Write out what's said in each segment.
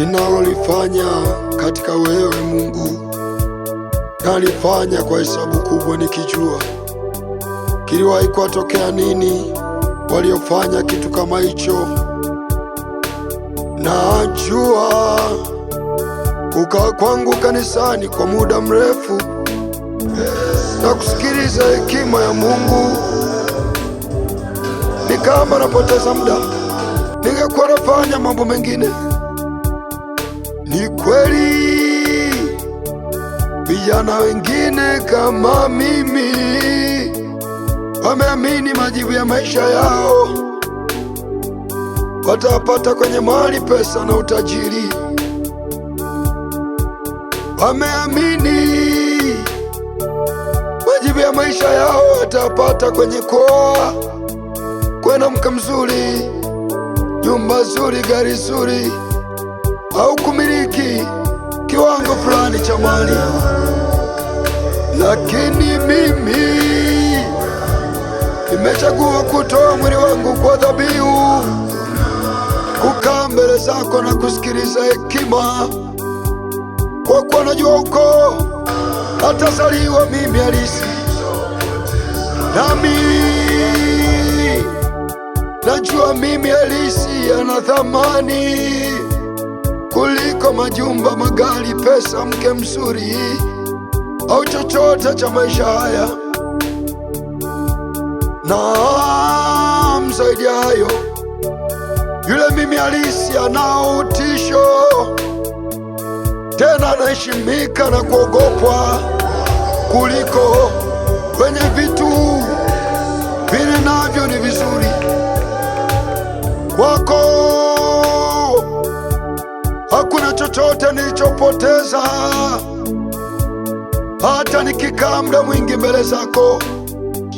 ninalolifanya katika wewe Mungu, nalifanya kwa hesabu kubwa, nikijua kiliwahi kuwatokea nini waliofanya kitu kama hicho. Najua kukaa kwangu kanisani kwa muda mrefu na kusikiliza hekima ya Mungu ni kama napoteza muda, ningekuwa nafanya mambo mengine. Ni kweli vijana wengine kama mimi wameamini majibu ya maisha yao watapata kwenye mali, pesa na utajiri. Wameamini majibu ya maisha yao watapata kwenye koa, kwena mke mzuri, nyumba zuri, gari zuri au kumiliki kiwango fulani cha mali, lakini mimi nimechagua kutoa mwili wangu kwa dhabihu, kukaa mbele zako na kusikiliza hekima, kwa kuwa najua uko atazaliwa mimi halisi, nami najua mimi halisi ana thamani kuliko majumba, magari, pesa, mke mzuri au chochote cha maisha haya, na mzaidi hayo, yule mimi halisi anao utisho tena, anaheshimika na kuogopwa kuliko wenye vitu vile, navyo ni vizuri wako hakuna chochote nilichopoteza. Hata nikikaa muda mwingi mbele zako,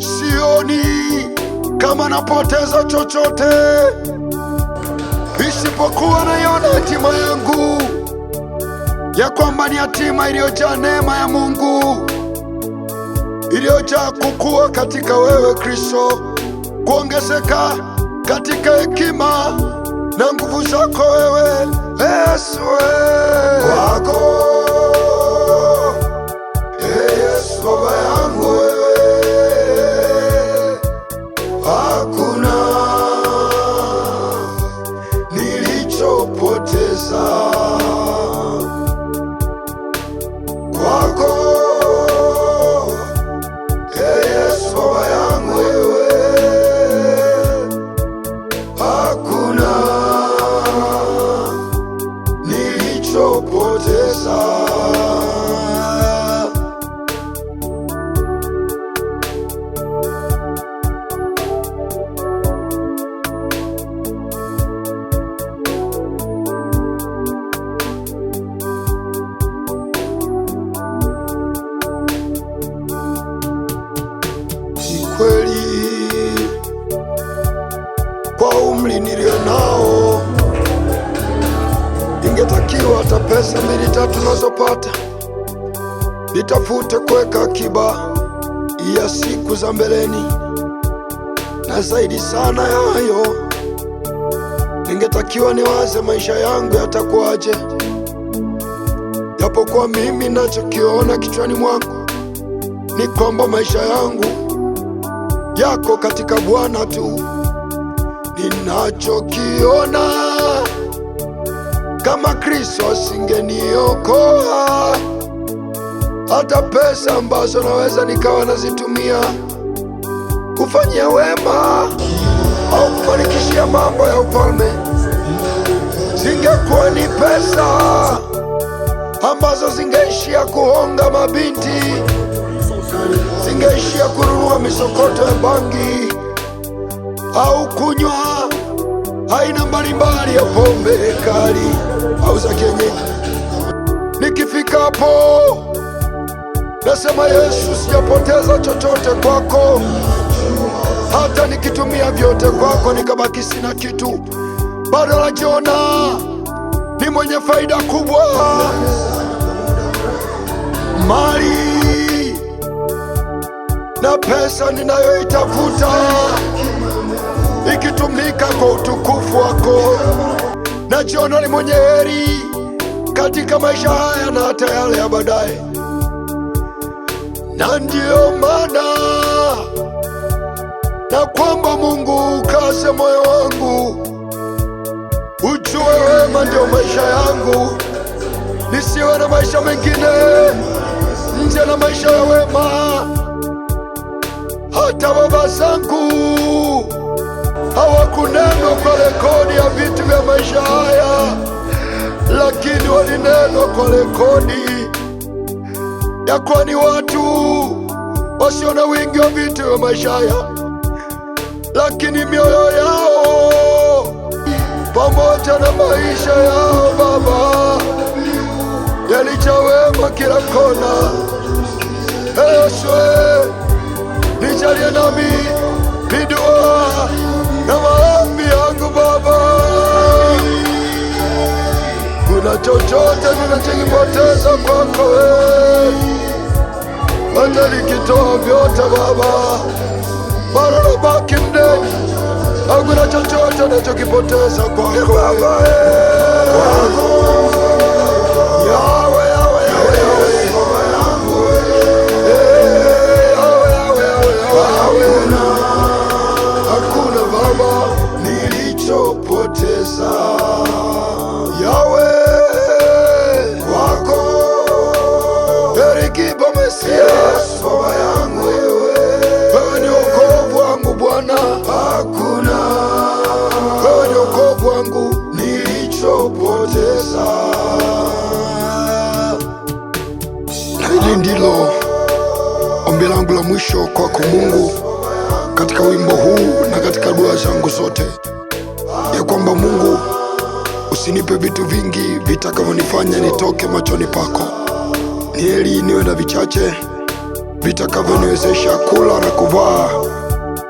sioni kama napoteza chochote, isipokuwa naiona hatima yangu ya kwamba ni hatima iliyojaa neema ya Mungu, iliyojaa kukua katika wewe Kristo, kuongezeka katika hekima na nguvu zako wewe Yesu eh. wako kupata, nitafute kuweka akiba ya siku za mbeleni, na zaidi sana ya hayo ningetakiwa niwaze maisha yangu yatakuwaje, japokuwa mimi nachokiona kichwani mwangu ni kwamba maisha yangu yako katika Bwana tu. Ninachokiona kama Kristo asingeniokoa, hata pesa ambazo naweza nikawa nazitumia kufanyia wema au kufanikishia mambo ya ufalme zingekuwa ni pesa ambazo zingeishia kuhonga mabinti, zingeishia kununua misokoto ya bangi au kunywa aina mbalimbali ya pombe kali au za kienyeji. Nikifikapo nasema Yesu, sijapoteza chochote kwako, hata nikitumia vyote kwako nikabaki sina kitu, bado najiona ni mwenye faida kubwa. Mali na pesa ninayoitafuta ikitumika kwa utukufu wako. Najiona ni mwenye heri katika maisha haya na hata yale ya baadaye, na ndiyo maana na kwamba Mungu ukase moyo wangu, ujue wema ndiyo maisha yangu, nisiwe na maisha mengine nje na maisha ya wema. Hata baba zangu hawakunenwa kwa rekodi ya vitu vya maisha haya, lakini walinenwa kwa rekodi ya kuwa ni watu wasio na wingi wa vitu vya maisha haya, lakini mioyo yao pamoja na maisha yao Baba yalichawema kila kona. Ee Yesu nijalie nami ya maombi yangu Baba, kuna chochote ninachokipoteza kwako wewe, hata nikitoa vyote Baba bado nabaki mdeni, hakuna chochote ninachokipoteza kwako wewe. Ee jibu la mwisho kwako Mungu, katika wimbo huu na katika dua zangu zote, ya kwamba Mungu usinipe vitu vingi vitakavyonifanya nitoke machoni pako, ni heri niwe na vichache vitakavyoniwezesha kula na kuvaa,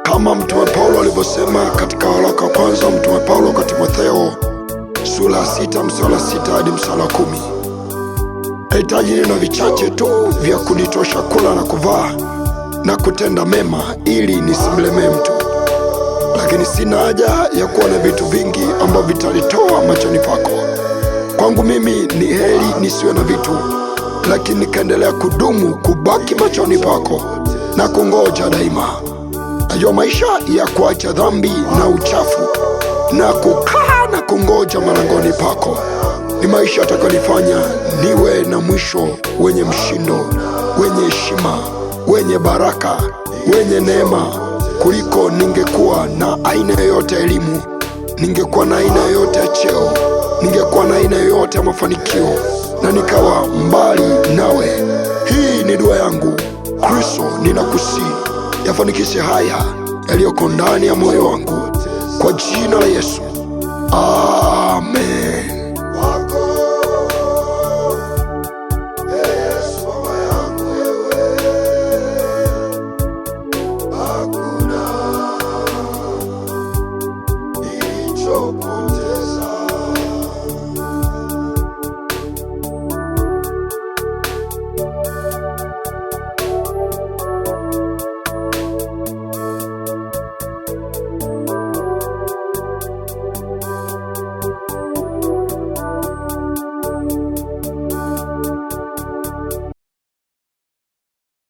kama Mtume Paulo alivyosema katika waraka wa kwanza Mtume Paulo kwa Timotheo sura ya sita mstari wa sita hadi mstari wa kumi. Nahitaji niwe na vichache tu vya kunitosha kula na kuvaa na kutenda mema ili nisimlemee mtu, lakini sina haja ya kuwa na vitu vingi ambavyo vitalitoa machoni pako. Kwangu mimi ni heri nisiwe na vitu, lakini nikaendelea kudumu kubaki machoni pako na kungoja daima. Najua maisha ya kuacha dhambi na uchafu na kukaa na kungoja malangoni pako ni maisha yatakayonifanya niwe na mwisho wenye mshindo, wenye heshima wenye baraka, wenye neema kuliko ningekuwa na aina yoyote ya elimu, ningekuwa na aina yoyote ya cheo, ningekuwa na aina yoyote ya mafanikio, na nikawa mbali nawe. Hii ni dua yangu, Kristo, ninakusihi yafanikishe haya yaliyoko ndani ya moyo wangu, kwa jina la Yesu, amen.